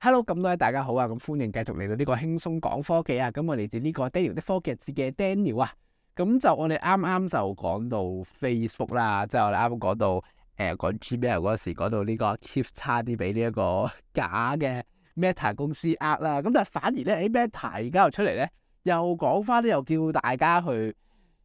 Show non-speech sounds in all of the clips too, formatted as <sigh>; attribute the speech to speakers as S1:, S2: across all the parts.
S1: hello，咁多位大家好啊，咁歡迎繼續嚟到呢、這個輕鬆講科技啊，咁我嚟自呢個 Daniel 的科技字嘅 Daniel 啊，咁就我哋啱啱就講到 Facebook 啦，即、就、係、是、我哋啱啱講到誒講、呃、Gmail 嗰時，講到呢、這個 Keep 差啲俾呢一個假嘅 Meta 公司呃啦，咁但係反而咧，Meta 而家又出嚟咧，又講返咧，又叫大家去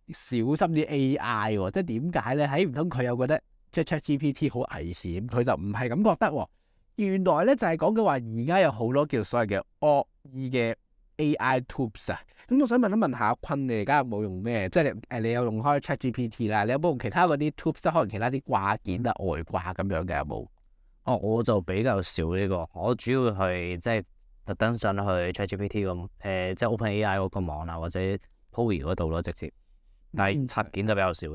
S1: 小心啲 AI、哦、即係點解咧？睇唔通佢又覺得 ChatGPT 好危險，佢就唔係咁覺得喎、哦。原來咧就係講嘅話，而家有好多叫所謂嘅惡意嘅 AI tools 啊！咁我想問一問一下坤你，而家有冇用咩？即係誒你有用開 ChatGPT 啦，你有冇用其他嗰啲 tools，即係可能其他啲掛件啊、外掛咁樣嘅有冇？哦，我就比較少呢個，我主要係即係特登上去 ChatGPT 咁誒，即係 OpenAI 嗰個網啊，或者 Poe 嗰度咯，直接。但係插件就比較少。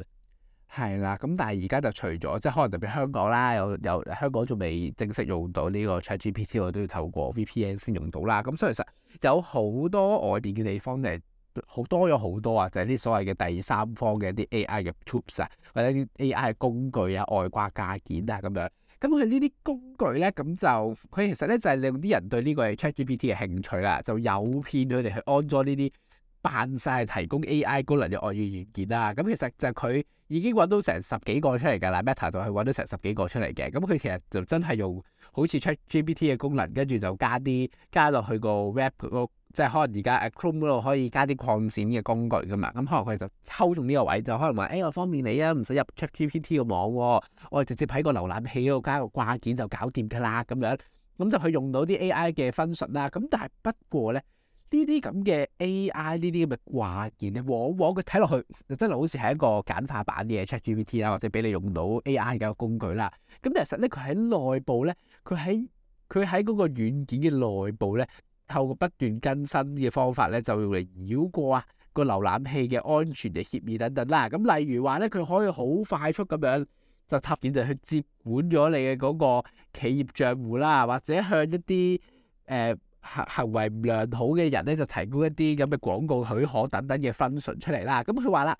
S1: 係啦，咁但係而家就除咗，即係可能特別香港啦，有有香港仲未正式用到呢個 ChatGPT，我都要透過 VPN 先用到啦。咁所以其實有好多外邊嘅地方誒，好多咗好多啊，就係、是、啲所謂嘅第三方嘅一啲 AI 嘅 tools 啊，或者啲 AI 嘅工具啊、外掛加件啊咁樣。咁佢呢啲工具咧，咁就佢其實咧就係令啲人對呢個係 ChatGPT 嘅興趣啦，就有騙佢哋去安裝呢啲。扮晒提供 AI 功能嘅惡意軟件啊！咁其實就佢已經揾到成十幾個出嚟㗎啦，Meta 就去揾到成十幾個出嚟嘅。咁佢其實就真係用好似 ChatGPT 嘅功能，跟住就加啲加落去個 Web 嗰個，即係可能而家 Chrome 嗰度可以加啲擴展嘅工具㗎嘛。咁可能佢就抽中呢個位，就可能話誒，哎、我方便你啊，唔使入 ChatGPT 嘅網、哦，我哋直接喺個瀏覽器度加個掛件就搞掂㗎啦咁樣。咁就去用到啲 AI 嘅分析啦。咁但係不過咧。呢啲咁嘅 AI 呢啲咁嘅掛件咧，往往佢睇落去就真係好似係一個簡化版嘅 ChatGPT 啦，T，或者俾你用到 AI 嘅一個工具啦。咁其實咧，佢喺內部咧，佢喺佢喺嗰個軟件嘅內部咧，透過不斷更新嘅方法咧，就用嚟繞過啊個瀏覽器嘅安全嘅協議等等啦。咁例如話咧，佢可以好快速咁樣就突然就去接管咗你嘅嗰個企業帳戶啦，或者向一啲誒。呃行行為唔良好嘅人咧，就提供一啲咁嘅廣告許可等等嘅 function 出嚟啦。咁佢話啦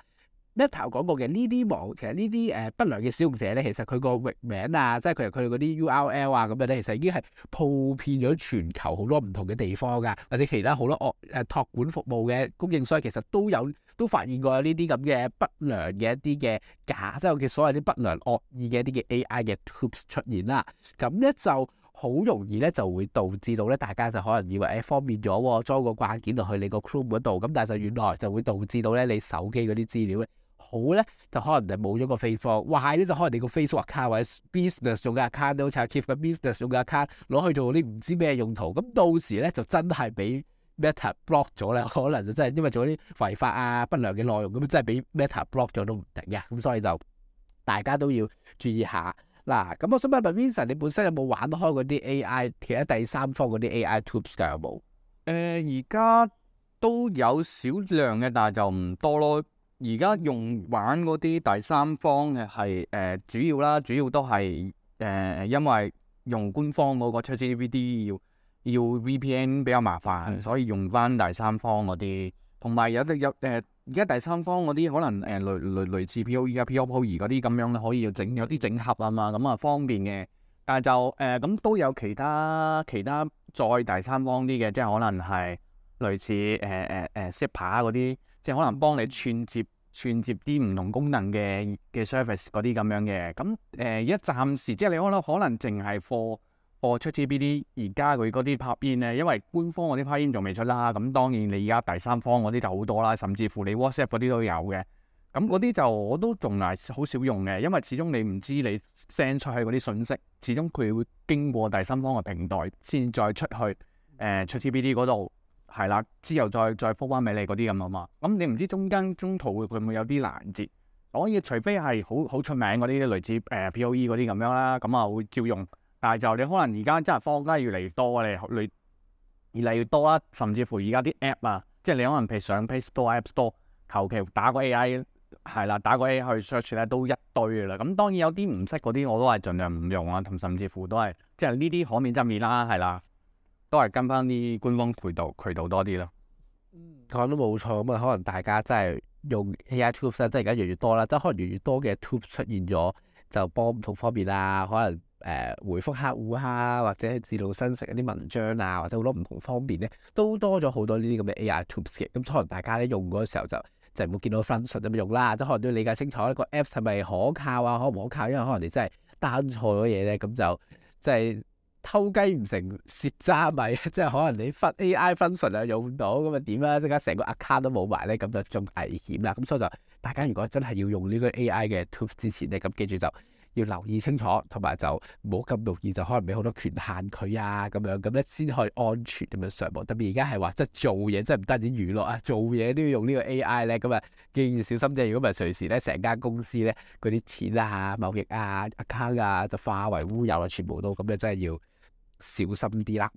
S1: ，Meta 講過嘅呢啲網，其實呢啲誒不良嘅使用者咧，其實佢個域名啊，即係佢佢嗰啲 URL 啊咁樣咧，其實已經係鋪遍咗全球好多唔同嘅地方噶，或者其他好多惡誒託管服務嘅供應商，其實都有都發現過呢啲咁嘅不良嘅一啲嘅假，即係我嘅所謂啲不良惡意嘅一啲嘅 AI 嘅 Tubes 出現啦。咁咧就。好容易咧就會導致到咧，大家就可能以為誒、哎、方便咗喎，裝個掛件落去你個 Chrome 嗰度，咁但係就原來就會導致到咧，你手機嗰啲資料咧好咧就可能就冇咗個 Facebook，壞咧就可能你個 Facebook account 或者 business 用嘅 account，好似阿 Keep 嘅 business 用嘅 account 攞去做啲唔知咩用途，咁到時咧就真係俾 Meta block 咗啦，可能就真係因為做啲違法啊不良嘅內容，咁真係俾 Meta block 咗都唔定嘅，咁所以就大家都要注意下。嗱，咁我想問下 Vincent，你本身有冇玩開嗰啲 AI？其實第三方嗰啲 AI tools 有冇、
S2: 呃？誒，而家都有少量嘅，但係就唔多咯。而家用玩嗰啲第三方嘅係誒主要啦，主要都係誒、呃、因為用官方嗰個 ChatGPT 要要 VPN 比較麻煩，的所以用翻第三方嗰啲，同埋有啲有誒。有呃而家第三方嗰啲可能誒、呃、類類類似 Poe 啊 Poe 嗰啲咁樣咧，可以整有啲整合啊嘛，咁啊方便嘅。但係就誒咁、呃、都有其他其他再第三方啲嘅，即係可能係類似誒誒誒 Zapier 嗰啲，即係可能幫你串接串接啲唔同功能嘅嘅 service 嗰啲咁樣嘅。咁而家暫時即係你可能可能淨係貨。我出 TBD，而家佢嗰啲拍片咧，因為官方嗰啲拍片仲未出啦，咁當然你而家第三方嗰啲就好多啦，甚至乎你 WhatsApp 嗰啲都有嘅，咁嗰啲就我都仲係好少用嘅，因為始終你唔知你 send 出去嗰啲信息，始終佢會經過第三方嘅平台先再出去，誒、呃、出 TBD 嗰度係啦，之後再再覆返俾你嗰啲咁啊嘛，咁你唔知中間中途會唔會有啲攔截，所以除非係好好出名嗰啲類似誒、呃、POE 嗰啲咁樣啦，咁啊會照用。但係就你可能而家真係方家越嚟越多，你越嚟越多啊！甚至乎而家啲 app 啊，即係你可能譬如上 Play Store、App Store，求其打個 AI，係啦，打個 AI 去 search 咧都一堆噶啦。咁當然有啲唔識嗰啲，我都係盡量唔用啊，同甚至乎都係即係呢啲可免則免啦，係啦，都係跟翻啲官方渠道渠道多啲咯。講得冇錯，咁啊可能大家真係用 AI
S1: tool 即係而家越越多啦，即係可能越越多嘅 tool 出現咗，就幫唔同方面啦，可能。誒、呃，回覆客戶啊，或者自動生成一啲文章啊，或者好多唔同方面咧，都多咗好多呢啲咁嘅 AI tools 嘅。咁、嗯、可能大家咧用嗰個時候就就冇見到 function 咁用啦，即、嗯、可能都要理解清楚、那個 apps 係咪可靠啊，可唔可靠？因為可能你真係單錯咗嘢，咧，咁就即係偷雞唔成蝕渣米。即 <laughs> 係、嗯、可能你忽 AI function 啊用唔到，咁啊點啊？即刻成個 account 都冇埋咧，咁就仲危險啦。咁、嗯、所以就大家如果真係要用呢個 AI 嘅 tools 之前咧，咁、嗯、記住就。要留意清楚，同埋就唔好咁容易就可能俾好多權限佢啊，咁樣咁咧先可以安全咁樣上網。特別而家係話，即係做嘢，真係唔單止娛樂啊，做嘢都要用呢個 AI 咧，咁啊，記住小心啲。如果唔係隨時咧，成間公司咧嗰啲錢啊、貿易啊、account 啊，就化為烏有啊，全部都咁就真係要小心啲啦。